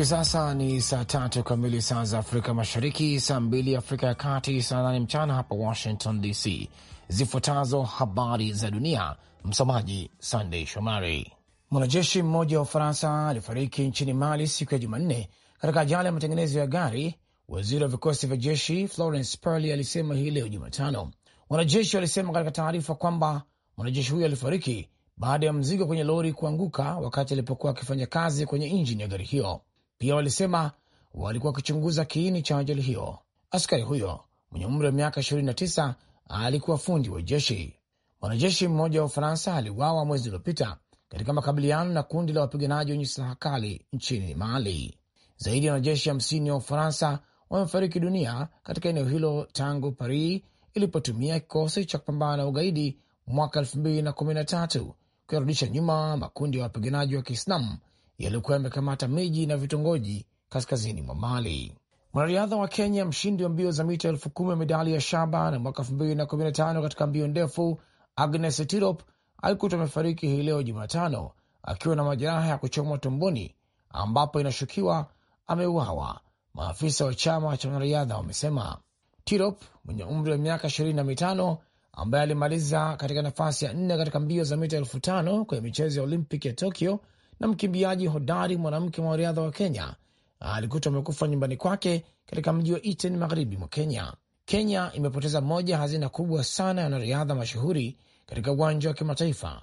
Hivi sasa ni saa tatu kamili saa za Afrika Mashariki, saa mbili Afrika ya Kati, saa nane mchana hapa Washington DC. Zifuatazo habari za dunia, msomaji Sandey Shomari. Mwanajeshi mmoja wa Ufaransa alifariki nchini Mali siku ya Jumanne katika ajali ya matengenezo ya gari. Waziri wa vikosi vya jeshi Florence Parly alisema hii leo Jumatano. Wanajeshi walisema katika taarifa kwamba mwanajeshi huyo alifariki baada ya mzigo kwenye lori kuanguka wakati alipokuwa akifanya kazi kwenye injini ya gari hiyo. Pia walisema walikuwa wakichunguza kiini cha ajali hiyo. Askari huyo mwenye umri wa miaka 29 alikuwa fundi wa jeshi. Mwanajeshi mmoja wa Ufaransa aliuawa mwezi uliopita katika makabiliano na kundi la wapiganaji wenye silaha kali nchini Mali. Zaidi ya wanajeshi hamsini wa Ufaransa wamefariki dunia katika eneo hilo tangu Paris ilipotumia kikosi cha kupambana na ugaidi mwaka 2013 kuyarudisha nyuma makundi ya wapiganaji wa Kiislamu yaliyokuwa yamekamata miji na vitongoji kaskazini mwa Mali. Mwanariadha wa Kenya, mshindi wa mbio za mita elfu kumi wa medali ya shaba na mwaka elfu mbili na kumi na tano katika mbio ndefu, Agnes Tirop alikutwa amefariki hii leo Jumatano akiwa na majeraha ya kuchomwa tumboni, ambapo inashukiwa ameuawa. Maafisa wa chama cha wanariadha wamesema. Tirop mwenye umri wa miaka ishirini na mitano ambaye alimaliza katika nafasi ya nne katika mbio za mita elfu tano kwenye michezo ya Olimpiki ya Tokyo na mkimbiaji hodari mwanamke mwanariadha wa Kenya alikutwa amekufa nyumbani kwake katika mji wa Iten magharibi mwa Kenya. Kenya imepoteza moja hazina kubwa sana ya wanariadha mashuhuri katika uwanja wa kimataifa.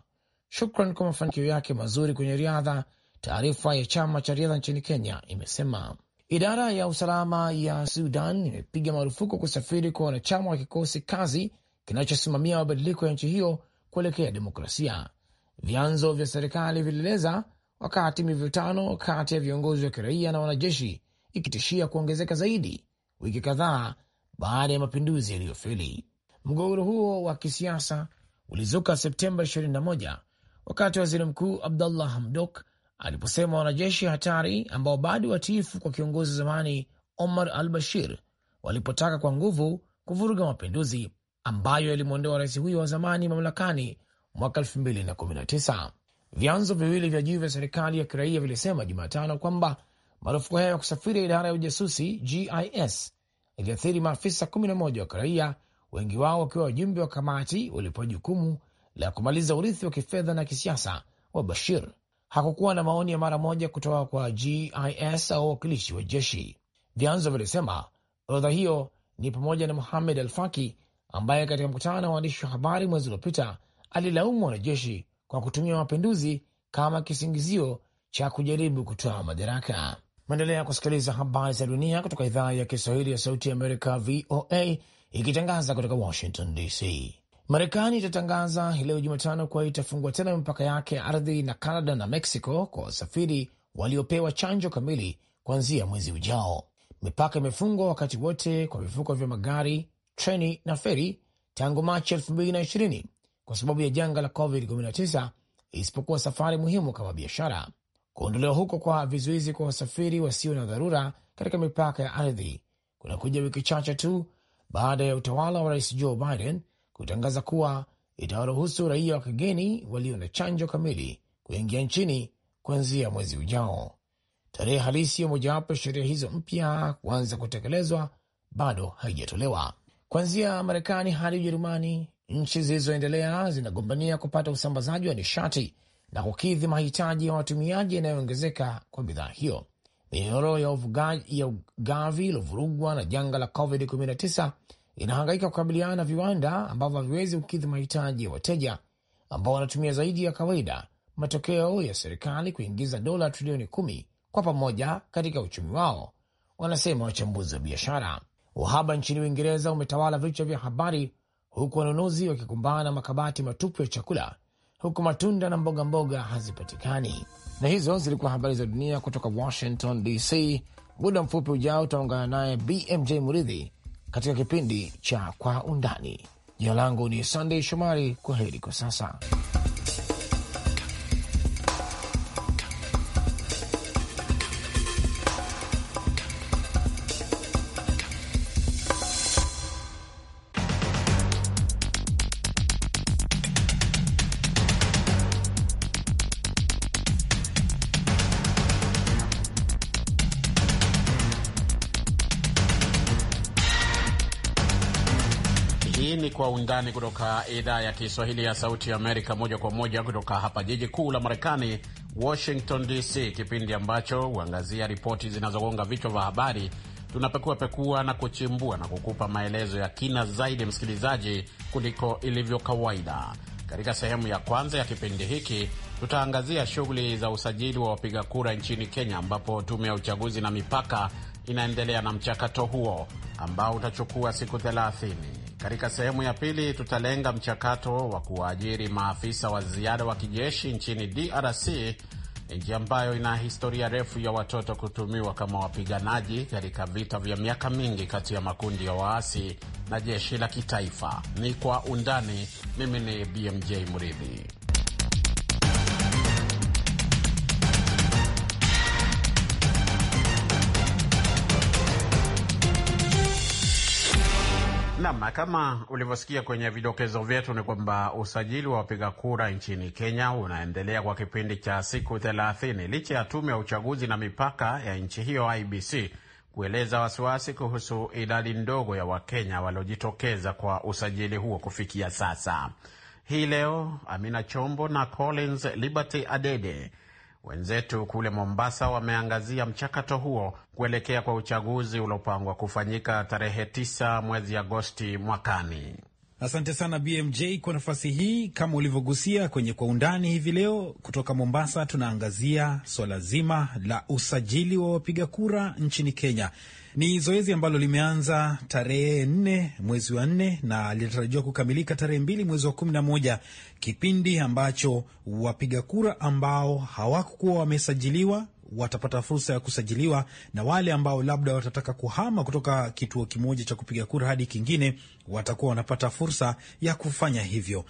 Shukran kwa mafanikio yake mazuri kwenye riadha, taarifa ya chama cha riadha nchini Kenya imesema. Idara ya usalama ya Sudan imepiga marufuku kusafiri kwa wanachama wa kikosi kazi kinachosimamia mabadiliko ya nchi hiyo kuelekea demokrasia. Vyanzo vya serikali vilieleza wakati mivutano kati ya viongozi wa kiraia na wanajeshi ikitishia kuongezeka zaidi wiki kadhaa baada ya mapinduzi yaliyofeli. Mgogoro huo wa kisiasa ulizuka Septemba 21 wakati waziri mkuu abdullah Hamdok aliposema wanajeshi hatari ambao bado watiifu kwa kiongozi wa zamani Omar al Bashir walipotaka kwa nguvu kuvuruga mapinduzi ambayo yalimwondoa rais huyo wa zamani mamlakani mwaka 2019. Vyanzo viwili vya juu vya serikali ya kiraia vilisema Jumatano kwamba marufuku hayo ya kusafiri ya idara ya ujasusi GIS iliathiri maafisa 11 wa kiraia, wengi wao wakiwa wajumbe wa kamati walipewa jukumu la kumaliza urithi wa kifedha na kisiasa wa Bashir. Hakukuwa na maoni ya mara moja kutoka kwa GIS au wakilishi wa jeshi. Vyanzo vilisema orodha hiyo ni pamoja na Muhamed Alfaki ambaye katika mkutano na waandishi wa habari mwezi uliopita alilaumu wanajeshi kwa kutumia mapinduzi kama kisingizio cha kujaribu kutoa madaraka. Maendelea kusikiliza habari za dunia kutoka idhaa ya Kiswahili ya Sauti ya Amerika, VOA, ikitangaza kutoka Washington DC. Marekani itatangaza hii leo Jumatano kuwa itafungua tena mipaka yake ya ardhi na Canada na Mexico kwa wasafiri waliopewa chanjo kamili kuanzia mwezi ujao. Mipaka imefungwa wakati wote kwa vivuko vya magari, treni na feri tangu Machi kwa sababu ya janga la COVID-19, isipokuwa safari muhimu kama biashara. Kuondolewa huko kwa vizuizi kwa wasafiri wasio na dharura katika mipaka ya ardhi kunakuja wiki chache tu baada ya utawala wa Rais Joe Biden kutangaza kuwa itawaruhusu raia wa kigeni walio na chanjo kamili kuingia nchini kuanzia mwezi ujao. Tarehe halisi ya mojawapo ya sheria hizo mpya kuanza kutekelezwa bado haijatolewa. Kuanzia Marekani hadi Ujerumani, nchi zilizoendelea zinagombania kupata usambazaji wa nishati na kukidhi mahitaji ya watumiaji yanayoongezeka kwa bidhaa hiyo. Minyororo ya ugavi ilovurugwa na janga la COVID-19 inahangaika kukabiliana na viwanda ambavyo haviwezi kukidhi mahitaji ya wateja ambao wanatumia zaidi ya kawaida, matokeo ya serikali kuingiza dola trilioni kumi kwa pamoja katika uchumi wao, wanasema wachambuzi wa biashara. Uhaba nchini Uingereza umetawala vichwa vya habari huku wanunuzi wakikumbana na makabati matupu ya chakula, huku matunda na mboga mboga hazipatikani. Na hizo zilikuwa habari za dunia kutoka Washington DC. Muda mfupi ujao utaungana naye BMJ Muridhi katika kipindi cha Kwa Undani. Jina langu ni Sandey Shomari. Kwa heri kwa sasa. undani kutoka idhaa ya Kiswahili ya Sauti ya Amerika, moja kwa moja kutoka hapa jiji kuu la Marekani, Washington DC, kipindi ambacho huangazia ripoti zinazogonga vichwa vya habari. Tunapekua pekua na kuchimbua na kukupa maelezo ya kina zaidi, msikilizaji, kuliko ilivyo kawaida. Katika sehemu ya kwanza ya kipindi hiki tutaangazia shughuli za usajili wa wapiga kura nchini Kenya, ambapo tume ya uchaguzi na mipaka inaendelea na mchakato huo ambao utachukua siku thelathini. Katika sehemu ya pili tutalenga mchakato wa kuwaajiri maafisa wa ziada wa kijeshi nchini DRC, nchi ambayo ina historia refu ya watoto kutumiwa kama wapiganaji katika vita vya miaka mingi kati ya makundi ya waasi na jeshi la kitaifa. Ni kwa undani. Mimi ni BMJ Muridhi. Nam, kama ulivyosikia kwenye vidokezo vyetu ni kwamba usajili wa wapiga kura nchini Kenya unaendelea kwa kipindi cha siku thelathini licha ya tume ya uchaguzi na mipaka ya nchi hiyo IBC kueleza wasiwasi kuhusu idadi ndogo ya Wakenya waliojitokeza kwa usajili huo kufikia sasa. Hii leo Amina Chombo na Collins Liberty Adede Wenzetu kule Mombasa wameangazia mchakato huo kuelekea kwa uchaguzi uliopangwa kufanyika tarehe 9 mwezi Agosti mwakani. Asante sana BMJ kwa nafasi hii. Kama ulivyogusia kwenye kwa undani hivi leo, kutoka Mombasa tunaangazia swala zima la usajili wa wapiga kura nchini Kenya. Ni zoezi ambalo limeanza tarehe nne mwezi wa nne na linatarajiwa kukamilika tarehe mbili mwezi wa kumi na moja, kipindi ambacho wapiga kura ambao hawakuwa wamesajiliwa watapata fursa ya kusajiliwa na wale ambao labda watataka kuhama kutoka kituo kimoja cha kupiga kura hadi kingine watakuwa wanapata fursa ya kufanya hivyo.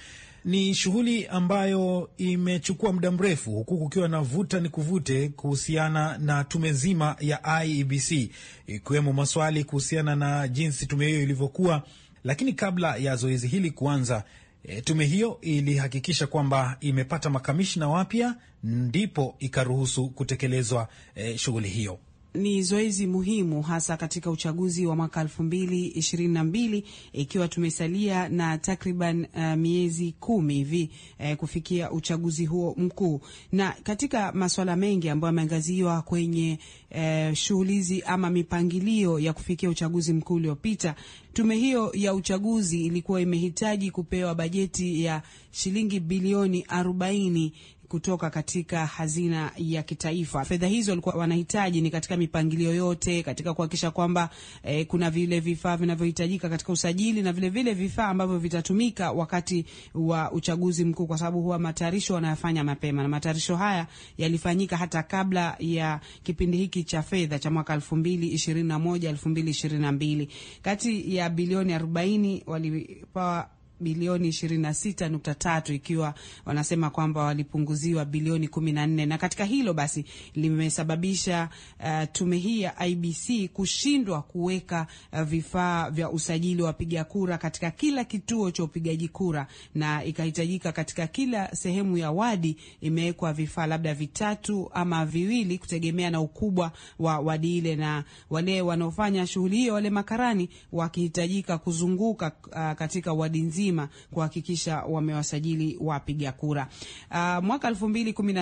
Ni shughuli ambayo imechukua muda mrefu, huku kukiwa na vuta ni kuvute kuhusiana na tume nzima ya IEBC, ikiwemo maswali kuhusiana na jinsi tume hiyo ilivyokuwa. Lakini kabla ya zoezi hili kuanza, e, tume hiyo ilihakikisha kwamba imepata makamishna wapya, ndipo ikaruhusu kutekelezwa e, shughuli hiyo ni zoezi muhimu hasa katika uchaguzi wa mwaka elfu mbili ishirini na mbili ikiwa tumesalia na takriban uh, miezi kumi hivi eh, kufikia uchaguzi huo mkuu. Na katika masuala mengi ambayo yameangaziwa kwenye eh, uh, shughulizi ama mipangilio ya kufikia uchaguzi mkuu uliopita, tume hiyo ya uchaguzi ilikuwa imehitaji kupewa bajeti ya shilingi bilioni arobaini kutoka katika hazina ya kitaifa. Fedha hizo walikuwa wanahitaji ni katika mipangilio yote, katika kuhakikisha kwamba eh, kuna vile vifaa vinavyohitajika katika usajili na vile vile vifaa ambavyo vitatumika wakati wa uchaguzi mkuu, kwa sababu huwa matayarisho wanayafanya mapema, na matayarisho haya yalifanyika hata kabla ya kipindi hiki cha fedha cha mwaka 2021 2022. Kati ya bilioni 40 walipewa bilioni 26.3 ikiwa wanasema kwamba walipunguziwa bilioni 14, na katika hilo basi limesababisha uh, tume hii ya IBC kushindwa kuweka uh, vifaa vya usajili wa wapiga kura katika kila kituo cha upigaji kura, na ikahitajika katika kila sehemu ya wadi imewekwa vifaa labda vitatu ama viwili kutegemea na ukubwa wa wadi ile, na wale wanaofanya shughuli hiyo, wale makarani wakihitajika kuzunguka uh, katika wadi nzima nzima kuhakikisha wamewasajili wapiga kura. Uh, mwaka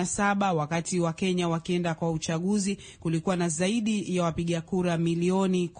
saba wakati wa Kenya wakienda kwa uchaguzi kulikuwa na zaidi ya wapiga kura milioni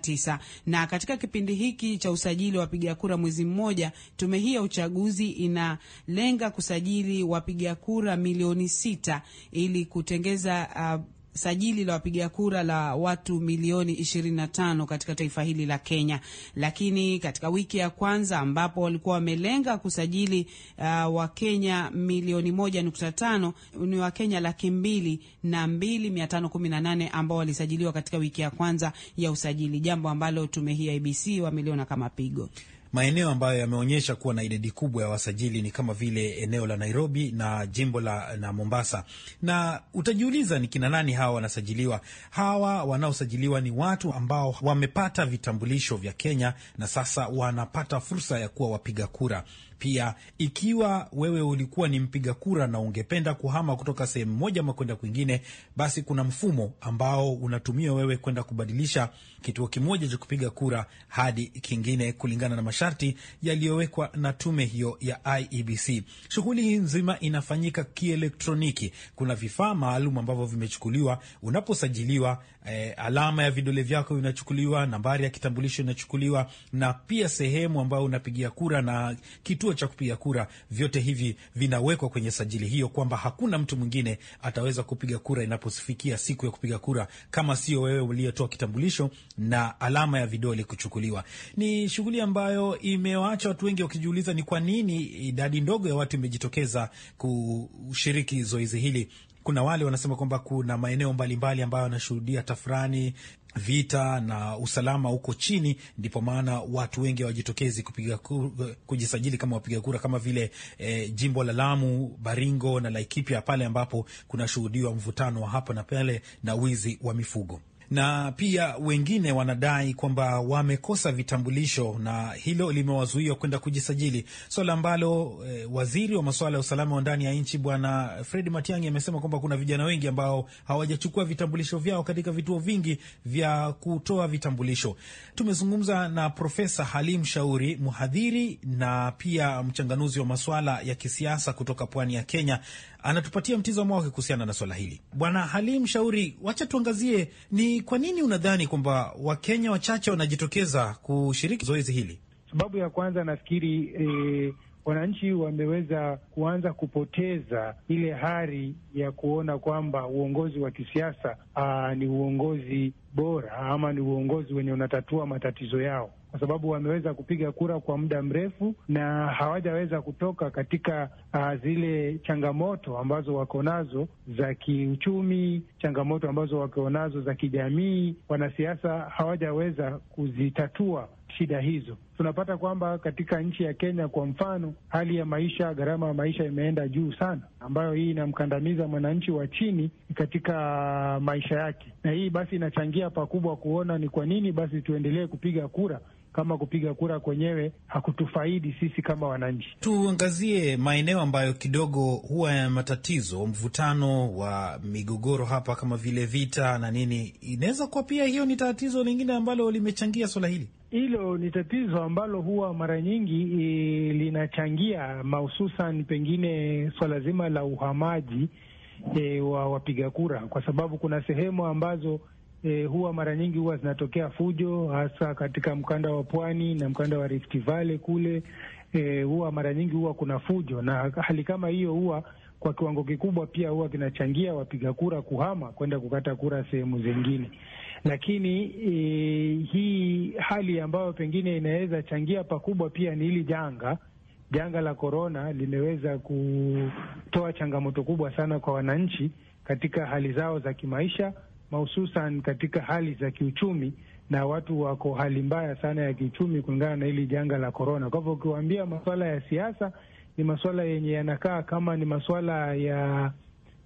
tisa na katika kipindi hiki cha usajili wa wapiga kura mwezi mmoja, tume hii ya uchaguzi inalenga kusajili wapiga kura milioni sita ili kutengeza uh, sajili la wapiga kura la watu milioni 25 katika taifa hili la Kenya, lakini katika wiki ya kwanza ambapo walikuwa wamelenga kusajili uh, Wakenya milioni 1.5 ni Wakenya laki mbili na mbili mia tano kumi na nane ambao walisajiliwa katika wiki ya kwanza ya usajili, jambo ambalo tume hii IBC wameliona kama pigo. Maeneo ambayo yameonyesha kuwa na idadi kubwa ya wasajili ni kama vile eneo la Nairobi na jimbo la na Mombasa. Na utajiuliza ni kina nani hawa wanasajiliwa? Hawa wanaosajiliwa ni watu ambao wamepata vitambulisho vya Kenya na sasa wanapata fursa ya kuwa wapiga kura. Pia ikiwa wewe ulikuwa ni mpiga kura na ungependa kuhama kutoka sehemu moja ama kwenda kwingine, basi kuna mfumo ambao unatumia wewe kwenda kubadilisha kituo kimoja cha kupiga kura hadi kingine, kulingana na masharti yaliyowekwa na tume hiyo ya IEBC. Shughuli hii nzima inafanyika kielektroniki. Kuna vifaa maalum ambavyo vimechukuliwa unaposajiliwa. E, alama ya vidole vyako inachukuliwa, nambari ya kitambulisho inachukuliwa, na pia sehemu ambayo unapigia kura na kituo kituo cha kupiga kura, vyote hivi vinawekwa kwenye sajili hiyo, kwamba hakuna mtu mwingine ataweza kupiga kura inapofikia siku ya kupiga kura kama sio wewe uliyetoa kitambulisho na alama ya vidole kuchukuliwa. Ni shughuli ambayo imewaacha watu wengi wakijiuliza ni kwa nini idadi ndogo ya watu imejitokeza kushiriki zoezi hili kuna wale wanasema kwamba kuna maeneo mbalimbali ambayo wanashuhudia tafurani, vita na usalama huko chini, ndipo maana watu wengi hawajitokezi kupiga kujisajili kama wapiga kura, kama vile eh, jimbo la Lamu, Baringo na Laikipia, pale ambapo kunashuhudiwa mvutano wa hapa na pale na wizi wa mifugo na pia wengine wanadai kwamba wamekosa vitambulisho na hilo limewazuia kwenda kujisajili, swala so ambalo e, waziri wa masuala ya usalama wa ndani ya nchi Bwana Fred Matiang'i amesema kwamba kuna vijana wengi ambao hawajachukua vitambulisho vyao katika vituo vingi vya kutoa vitambulisho. Tumezungumza na Profesa Halim Shauri, mhadhiri na pia mchanganuzi wa masuala ya kisiasa kutoka pwani ya Kenya anatupatia mtizamo wake kuhusiana na swala hili. Bwana Halim Shauri, wacha tuangazie ni kwa nini unadhani kwamba Wakenya wachache wanajitokeza kushiriki zoezi hili? Sababu ya kwanza nafikiri e, wananchi wameweza kuanza kupoteza ile hari ya kuona kwamba uongozi wa kisiasa ah, ni uongozi bora ama ni uongozi wenye unatatua matatizo yao kwa sababu wameweza kupiga kura kwa muda mrefu na hawajaweza kutoka katika uh, zile changamoto ambazo wako nazo za kiuchumi, changamoto ambazo wako nazo za kijamii. Wanasiasa hawajaweza kuzitatua shida hizo. Tunapata kwamba katika nchi ya Kenya kwa mfano, hali ya maisha, gharama ya maisha imeenda juu sana, ambayo hii inamkandamiza mwananchi wa chini katika maisha yake, na hii basi inachangia pakubwa kuona ni kwa nini basi tuendelee kupiga kura kama kupiga kura kwenyewe hakutufaidi sisi kama wananchi. Tuangazie maeneo ambayo kidogo huwa ya matatizo, mvutano wa migogoro hapa kama vile vita na nini, inaweza kuwa pia hiyo ni tatizo lingine ambalo limechangia swala hili. Hilo ni tatizo ambalo huwa mara nyingi e, linachangia mahususan pengine swala zima la uhamaji e, wa wapiga kura, kwa sababu kuna sehemu ambazo e, huwa mara nyingi huwa zinatokea fujo hasa katika mkanda wa pwani na mkanda wa Rift Valley kule. E, huwa mara nyingi huwa kuna fujo, na hali kama hiyo huwa kwa kiwango kikubwa pia huwa kinachangia wapiga kura kuhama kwenda kukata kura sehemu zingine. Lakini e, hii hali ambayo pengine inaweza changia pakubwa pia ni hili janga janga la korona limeweza kutoa changamoto kubwa sana kwa wananchi katika hali zao za kimaisha mahususan katika hali za kiuchumi, na watu wako hali mbaya sana ya kiuchumi kulingana na hili janga la korona. Kwa hivyo ukiwaambia masuala ya siasa ni masuala yenye yanakaa kama ni masuala ya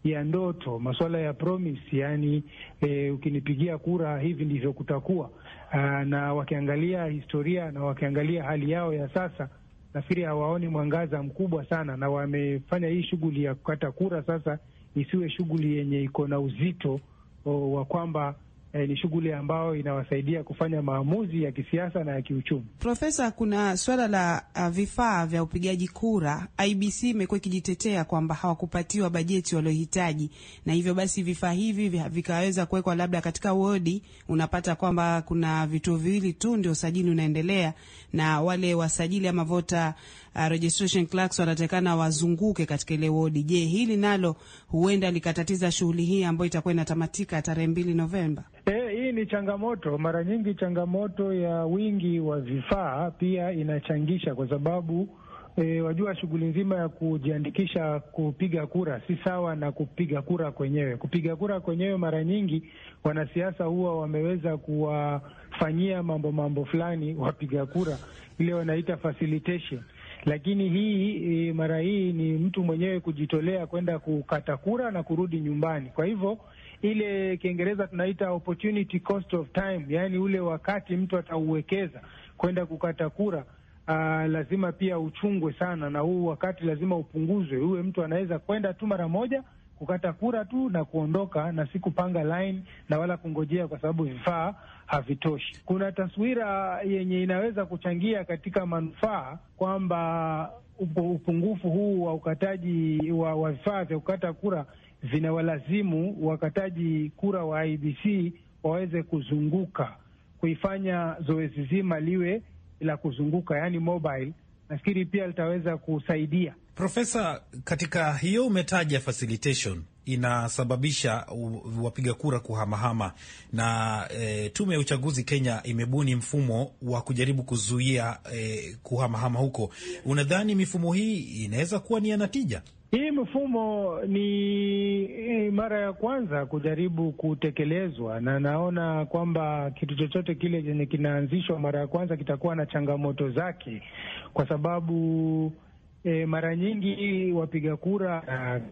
ya ndoto, masuala ya promise, yani e, ukinipigia kura hivi ndivyo kutakuwa. Aa, ah, na wakiangalia historia na wakiangalia hali yao ya sasa, nafikiri hawaoni mwangaza mkubwa sana, na wamefanya hii shughuli ya kukata kura sasa isiwe shughuli yenye iko na uzito wa kwamba eh, ni shughuli ambayo inawasaidia kufanya maamuzi ya kisiasa na ya kiuchumi. Profesa, kuna suala la uh, vifaa vya upigaji kura. IBC imekuwa ikijitetea kwamba hawakupatiwa bajeti waliohitaji, na hivyo basi vifaa hivi vikaweza kuwekwa labda katika wodi. Unapata kwamba kuna vituo viwili tu ndio usajili unaendelea, na wale wasajili ama vota uh, registration clerks wanatakana wazunguke katika ile wodi. Je, hili nalo huenda likatatiza shughuli hii ambayo itakuwa inatamatika tarehe mbili Novemba? ni changamoto. Mara nyingi changamoto ya wingi wa vifaa pia inachangisha kwa sababu E, wajua shughuli nzima ya kujiandikisha kupiga kura si sawa na kupiga kura kwenyewe. Kupiga kura kwenyewe, mara nyingi wanasiasa huwa wameweza kuwafanyia mambo mambo fulani wapiga kura, ile wanaita facilitation. Lakini hii e, mara hii ni mtu mwenyewe kujitolea kwenda kukata kura na kurudi nyumbani. Kwa hivyo ile Kiingereza tunaita opportunity cost of time, yaani ule wakati mtu atauwekeza kwenda kukata kura. Aa, ah, lazima pia uchungwe sana, na huu wakati lazima upunguzwe, uwe mtu anaweza kwenda tu mara moja kukata kura tu na kuondoka, na si kupanga line na wala kungojea, kwa sababu vifaa havitoshi. Kuna taswira yenye inaweza kuchangia katika manufaa kwamba upungufu huu wa ukataji wa, wa vifaa vya kukata kura zinawalazimu wakataji kura wa IBC waweze kuzunguka kuifanya zoezi zima liwe la kuzunguka, yani mobile. Nafikiri pia litaweza kusaidia. Profesa, katika hiyo umetaja facilitation inasababisha wapiga kura kuhamahama na e, tume ya uchaguzi Kenya imebuni mfumo wa kujaribu kuzuia e, kuhamahama huko. Unadhani mifumo hii inaweza kuwa ni ya natija? Hii mfumo ni mara ya kwanza kujaribu kutekelezwa, na naona kwamba kitu chochote kile chenye kinaanzishwa mara ya kwanza kitakuwa na changamoto zake, kwa sababu e, mara nyingi wapiga kura,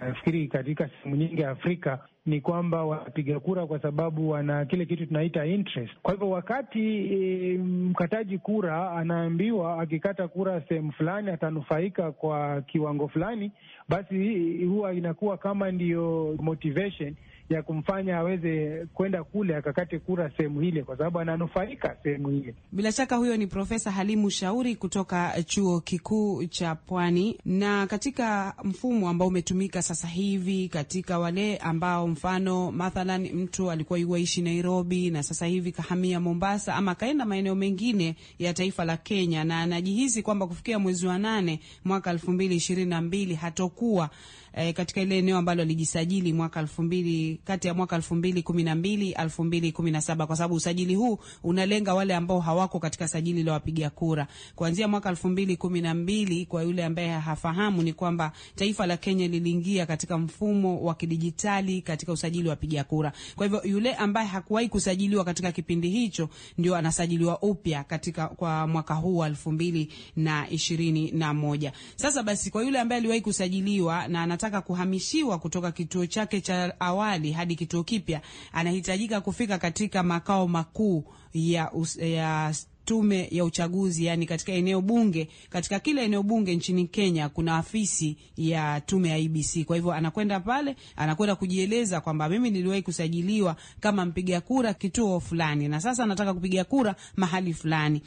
nafikiri katika sehemu nyingi ya Afrika ni kwamba wapiga kura kwa sababu wana kile kitu tunaita interest. Kwa hivyo wakati e, mkataji kura anaambiwa akikata kura sehemu fulani atanufaika kwa kiwango fulani, basi huwa inakuwa kama ndiyo motivation ya kumfanya aweze kwenda kule akakate kura sehemu ile, kwa sababu ananufaika sehemu ile. Bila shaka huyo ni Profesa Halimu Shauri kutoka Chuo Kikuu cha Pwani. Na katika mfumo ambao umetumika sasa hivi, katika wale ambao mfano mathalan mtu alikuwa yuwaishi Nairobi na sasa hivi kahamia Mombasa ama kaenda maeneo mengine ya taifa la Kenya na anajihisi kwamba kufikia mwezi wa nane mwaka elfu mbili ishirini na mbili hatokuwa eh, katika ile eneo ambalo alijisajili mwaka elfu mbili kati ya mwaka 2012 2017, kwa sababu usajili huu unalenga wale ambao hawako katika sajili la wapiga kura kuanzia mwaka 2012. Kwa yule ambaye hafahamu, ni kwamba taifa la Kenya liliingia katika mfumo wa kidijitali katika usajili wa wapiga kura. Kwa hivyo yule ambaye hakuwahi kusajiliwa katika kipindi hicho ndio anasajiliwa upya katika kwa mwaka huu wa 2021. Sasa basi, kwa yule ambaye aliwahi kusajiliwa na anataka kuhamishiwa kutoka kituo chake cha awali mbali hadi kituo kipya, anahitajika kufika katika makao makuu ya, ya tume ya uchaguzi yani, katika eneo bunge. Katika kila eneo bunge nchini Kenya kuna afisi ya tume ya IBC. Kwa hivyo anakwenda pale, anakwenda kujieleza kwamba mimi niliwahi kusajiliwa kama mpiga kura kituo fulani, na sasa nataka kupiga kura mahali fulani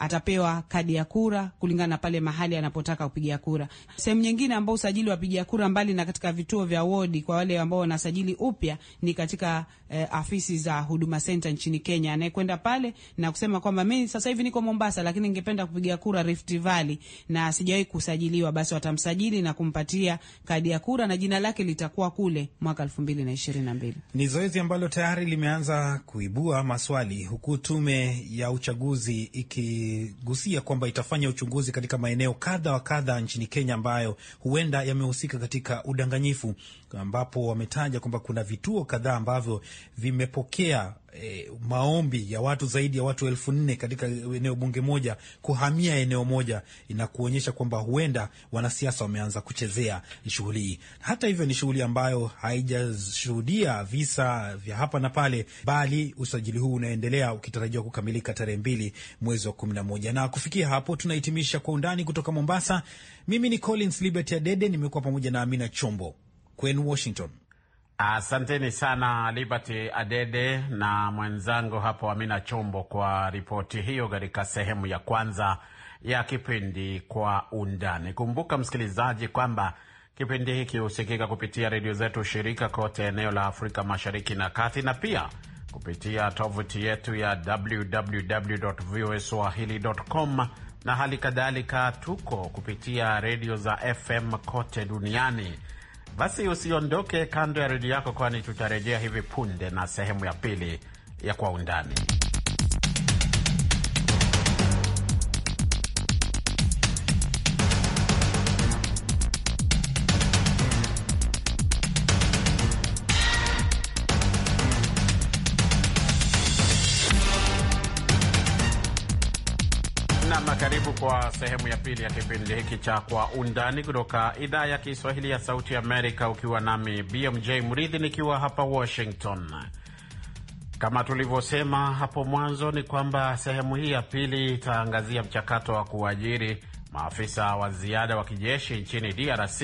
atapewa kadi ya kura kulingana na pale mahali anapotaka kupiga kura. Sehemu nyingine ambao usajili wapiga kura mbali na katika vituo vya wodi kwa wale ambao wanasajili upya ni katika eh, afisi za Huduma Center nchini Kenya. Anayekwenda pale na kusema kwamba mimi sasa hivi niko Mombasa, lakini ningependa kupiga kura Rift Valley na sijawahi kusajiliwa, basi watamsajili na kumpatia kadi ya kura na jina lake litakuwa kule mwaka 2022. Ni zoezi ambalo tayari limeanza kuibua maswali huku tume ya uchaguzi iki aligusia kwamba itafanya uchunguzi katika maeneo kadha wa kadha nchini Kenya ambayo huenda yamehusika katika udanganyifu, ambapo wametaja kwamba kuna vituo kadhaa ambavyo vimepokea e, maombi ya watu zaidi ya watu elfu nne katika eneo bunge moja kuhamia eneo moja, inakuonyesha kwamba huenda wanasiasa wameanza kuchezea shughuli hii. Hata hivyo, ni shughuli ambayo haijashuhudia visa vya hapa na pale, bali usajili huu unaendelea ukitarajiwa kukamilika tarehe mbili mwezi wa kumi na moja. Na kufikia hapo tunahitimisha Kwa Undani kutoka Mombasa. Mimi ni Collins Liberty Adede, nimekuwa pamoja na Amina Chombo kwenu Washington. Asanteni sana Liberty Adede na mwenzangu hapo Amina Chombo kwa ripoti hiyo katika sehemu ya kwanza ya kipindi Kwa Undani. Kumbuka msikilizaji, kwamba kipindi hiki husikika kupitia redio zetu shirika kote eneo la Afrika Mashariki na Kati, na pia kupitia tovuti yetu ya www.voaswahili.com, na hali kadhalika tuko kupitia redio za FM kote duniani basi usiondoke kando ya redio yako, kwani tutarejea hivi punde na sehemu ya pili ya Kwa Undani. na karibu kwa sehemu ya pili ya kipindi hiki cha Kwa Undani kutoka idhaa ya Kiswahili ya Sauti Amerika, ukiwa nami BMJ Mridhi nikiwa hapa Washington. Kama tulivyosema hapo mwanzo, ni kwamba sehemu hii ya pili itaangazia mchakato wa kuajiri maafisa wa ziada wa kijeshi nchini DRC,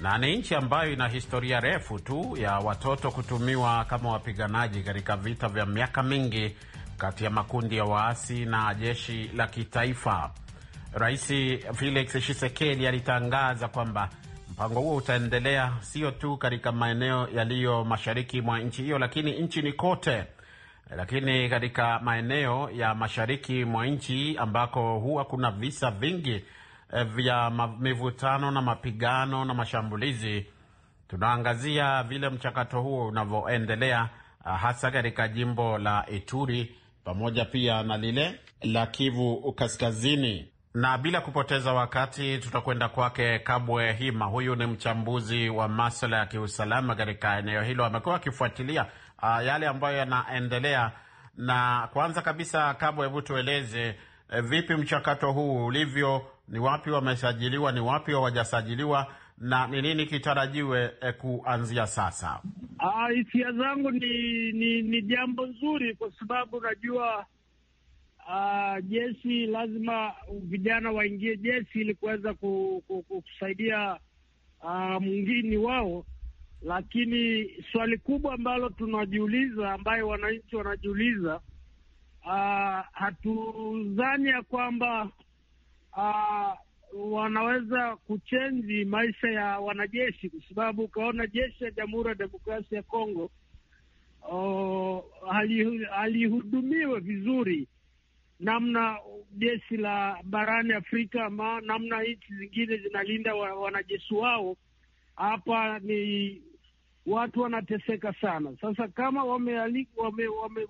na ni nchi ambayo ina historia refu tu ya watoto kutumiwa kama wapiganaji katika vita vya miaka mingi kati ya makundi ya waasi na jeshi la kitaifa. Rais Felix Tshisekedi alitangaza kwamba mpango huo utaendelea sio tu katika maeneo yaliyo mashariki mwa nchi hiyo, lakini nchi ni kote, lakini katika maeneo ya mashariki mwa nchi ambako huwa kuna visa vingi eh, vya mivutano na mapigano na mashambulizi. Tunaangazia vile mchakato huo unavyoendelea hasa katika jimbo la Ituri pamoja pia na lile la Kivu Kaskazini. Na bila kupoteza wakati, tutakwenda kwake Kabwe Hima. Huyu ni mchambuzi wa maswala ya kiusalama katika eneo hilo, amekuwa akifuatilia uh, yale ambayo yanaendelea. Na kwanza kabisa, Kabwe, hebu tueleze eh, vipi mchakato huu ulivyo? Ni wapi wamesajiliwa, ni wapi hawajasajiliwa, na ni nini kitarajiwe eh, kuanzia sasa? Ah, hisia zangu ni, ni ni jambo nzuri kwa sababu najua Uh, jeshi lazima vijana waingie jeshi ili kuweza kusaidia uh, mwingini wao, lakini swali kubwa ambalo tunajiuliza, ambayo wananchi wanajiuliza uh, hatuzani ya kwamba uh, wanaweza kuchenji maisha ya wanajeshi, kwa sababu ukaona jeshi ya Jamhuri ya Demokrasia ya Kongo halihudumiwe vizuri namna jeshi la barani Afrika ma, namna nchi zingine zinalinda wa, wanajeshi wao. Hapa ni watu wanateseka sana. Sasa kama wameitwa wame, wame,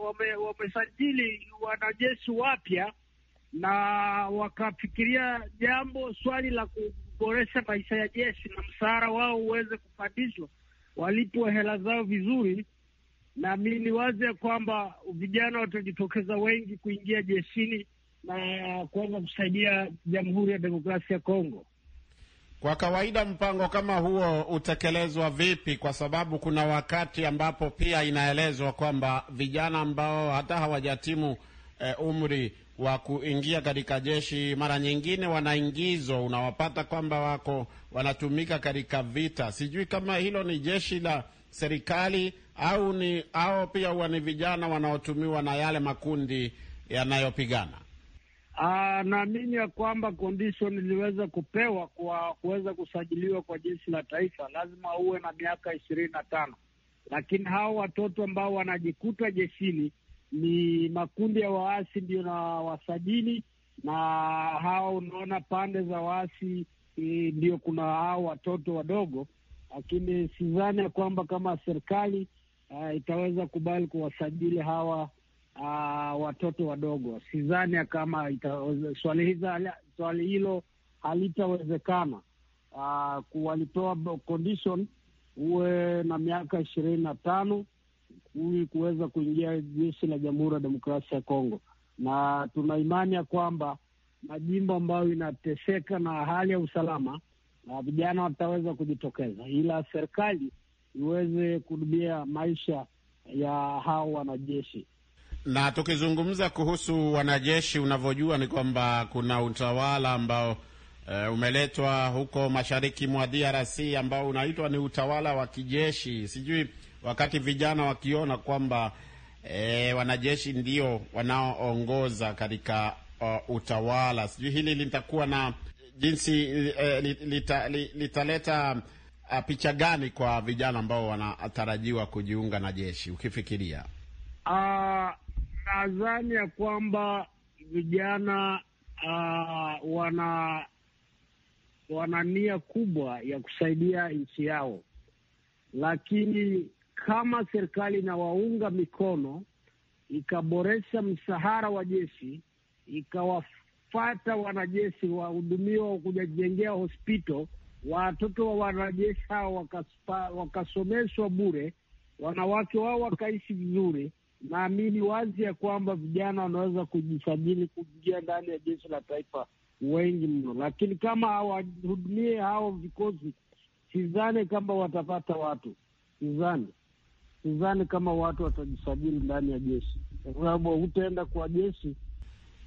wame wamesajili wanajeshi wapya na wakafikiria jambo swali la kuboresha maisha ya jeshi na mshahara wao uweze kupandishwa, walipwe hela zao vizuri, na mi ya kwamba vijana watajitokeza wengi kuingia jeshini na kuanza kusaidia Jamhuri ya Demokrasia ya Kongo. Kwa kawaida mpango kama huo utekelezwa vipi? Kwa sababu kuna wakati ambapo pia inaelezwa kwamba vijana ambao hata hawajatimu eh, umri wa kuingia katika jeshi, mara nyingine wanaingizwa, unawapata kwamba wako wanatumika katika vita. Sijui kama hilo ni jeshi la serikali au ni au pia huwa ni vijana wanaotumiwa na yale makundi yanayopigana. Ah, naamini ya kwamba condition iliweza kupewa kwa kuweza kusajiliwa kwa jeshi la taifa, lazima uwe na miaka ishirini na tano, lakini hao watoto ambao wanajikuta jeshini ni makundi ya waasi ndio na wasajili, na hawa unaona pande za waasi e, ndio kuna hao watoto wadogo, lakini sidhani ya kwamba kama serikali uh, itaweza kubali kuwasajili hawa uh, watoto wadogo. Sidhani ya kama itaweza, swali hilo halitawezekana. Uh, walitoa condition uwe na miaka ishirini na tano ili kuweza kuingia jeshi la Jamhuri ya Demokrasia ya Kongo, na tuna imani ya kwamba majimbo ambayo inateseka na hali ya usalama na vijana wataweza kujitokeza, ila serikali iweze kudumia maisha ya hao wanajeshi. Na tukizungumza kuhusu wanajeshi, unavyojua ni kwamba kuna utawala ambao e, umeletwa huko mashariki mwa DRC ambao unaitwa ni utawala wa kijeshi. Sijui wakati vijana wakiona kwamba e, wanajeshi ndio wanaoongoza katika uh, utawala. Sijui hili litakuwa na jinsi e, litaleta lita, uh, lita picha gani kwa vijana ambao wanatarajiwa kujiunga na jeshi ukifikiria? Uh, nadhani ya kwamba vijana uh, wana wana nia kubwa ya kusaidia nchi yao, lakini kama serikali inawaunga mikono ikaboresha mshahara wa jeshi ikawafata wanajeshi wahudumiwa wa kujajengea hospitali, watoto wa wanajeshi hao wakasomeshwa bure, wanawake wao wakaishi vizuri, naamini wazi ya kwamba vijana wanaweza kujisajili kuingia ndani ya jeshi la taifa wengi mno, lakini kama hawahudumie hao vikosi, sidhani kama watapata watu, sidhani sidhani kama watu watajisajili ndani ya jeshi, kwa sababu hutaenda kwa jeshi.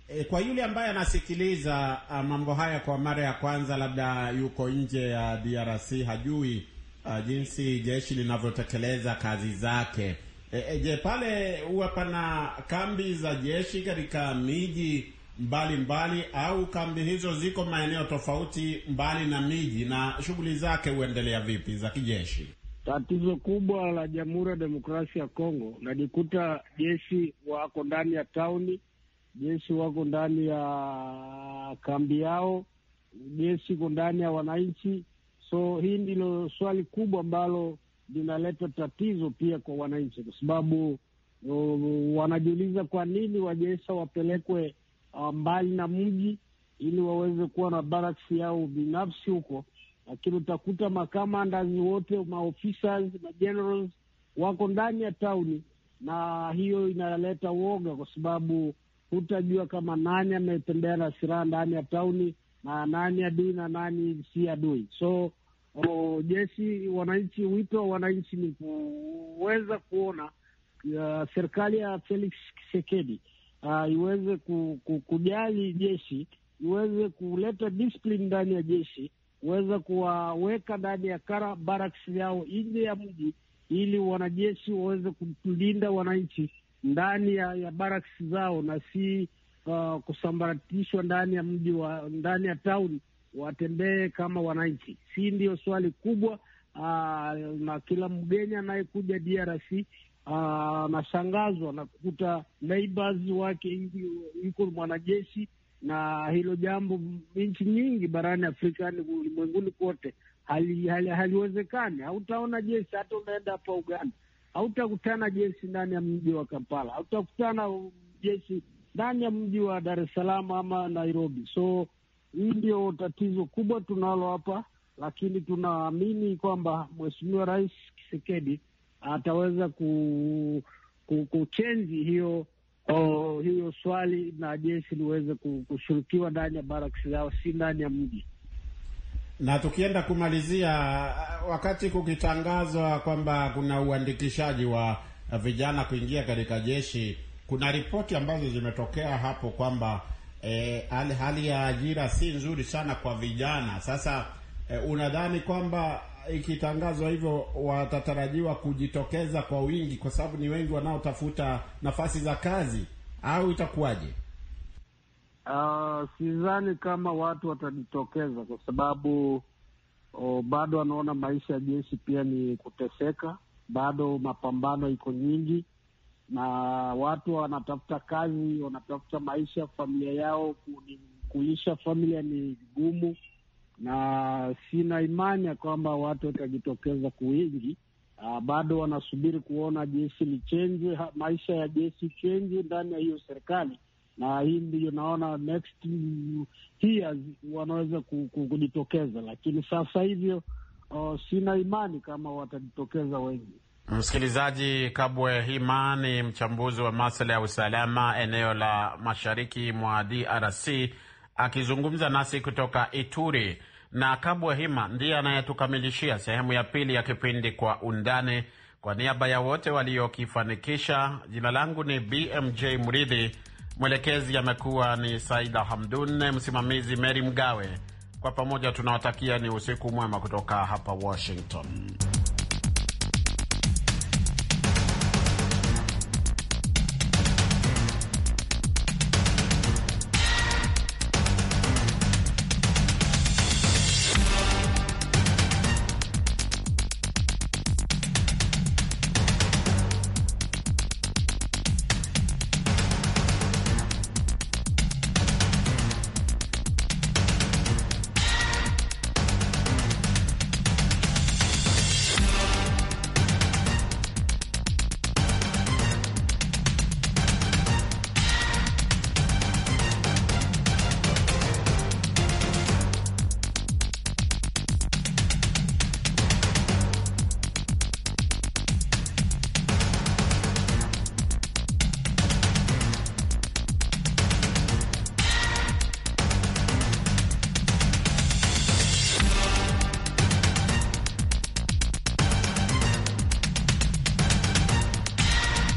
E, kwa yule ambaye anasikiliza mambo haya kwa mara ya kwanza, labda yuko nje ya DRC, hajui a, jinsi jeshi linavyotekeleza kazi zake. E, e, je, pale huwa pana kambi za jeshi katika miji mbalimbali au kambi hizo ziko maeneo tofauti mbali na miji, na shughuli zake huendelea vipi za kijeshi? tatizo kubwa la Jamhuri ya Demokrasia ya Kongo, unajikuta jeshi wako ndani ya tauni, jeshi wako ndani ya kambi yao, jeshi iko ndani ya wananchi. So hii ndilo swali kubwa ambalo linaleta tatizo pia kwa wananchi, kwa sababu uh, wanajiuliza kwa nini wajeshi wapelekwe uh, mbali na mji ili waweze kuwa na baraksi yao binafsi huko lakini utakuta makamandas wote, maofisa, majenerals wako ndani ya tauni, na hiyo inaleta uoga, kwa sababu hutajua kama nani ametembea na silaha ndani ya tauni na nani adui na nani si adui. So oh, jeshi, wananchi, wito wa wananchi ni kuweza kuona uh, serikali ya Felix Tshisekedi uh, iweze kujali jeshi iweze kuleta discipline ndani ya jeshi kuweza kuwaweka ndani ya kara yao nje ya mji, ili wanajeshi waweze kulinda wananchi ndani ya, ya baraks zao na si uh, kusambaratishwa ndani ya mji wa ndani ya tauni, watembee kama wananchi. Si ndiyo swali kubwa? Uh, na kila mgeni anayekuja DRC uh, anashangazwa uh, na kukuta neighbors wake yuko mwanajeshi na hilo jambo nchi nyingi barani Afrika ni ulimwenguni kote haliwezekani, hali, hali hautaona jeshi. Hata unaenda hapa Uganda hautakutana jeshi ndani ya mji wa Kampala, hautakutana jeshi ndani ya mji wa Dar es Salaam ama Nairobi. So hii ndio tatizo kubwa tunalo hapa, lakini tunaamini kwamba Mheshimiwa Rais Kisekedi ataweza ku, ku, kuchenji hiyo oh, hiyo swali na jeshi liweze kushirikiwa ndani ya barracks yao, si ndani ya mji. Na tukienda kumalizia, wakati kukitangazwa kwamba kuna uandikishaji wa vijana kuingia katika jeshi, kuna ripoti ambazo zimetokea hapo kwamba eh, hali ya ajira si nzuri sana kwa vijana. Sasa eh, unadhani kwamba ikitangazwa hivyo, watatarajiwa kujitokeza kwa wingi, kwa sababu ni wengi wanaotafuta nafasi za kazi, au itakuwaje? Uh, sidhani kama watu watajitokeza kwa sababu oh, bado wanaona maisha ya jeshi pia ni kuteseka, bado mapambano iko nyingi, na watu wanatafuta kazi, wanatafuta maisha, familia yao, kuisha familia ni vigumu na sina imani ya kwamba watu watajitokeza kwa wingi. Uh, bado wanasubiri kuona jeshi lichenje, maisha ya jeshi chenje ndani ya hiyo serikali, na hii ndiyo naona next years wanaweza kujitokeza, lakini sasa hivyo uh, sina imani kama watajitokeza wengi. Msikilizaji, Kabwe Hima ni mchambuzi wa masuala ya usalama eneo la mashariki mwa DRC akizungumza nasi kutoka Ituri. Na Kabwa Hima ndiye anayetukamilishia sehemu ya pili ya kipindi Kwa Undani. Kwa niaba ya wote waliokifanikisha, jina langu ni BMJ Mridhi, mwelekezi amekuwa ni Saida Hamdun, msimamizi Meri Mgawe. Kwa pamoja tunawatakia ni usiku mwema kutoka hapa Washington.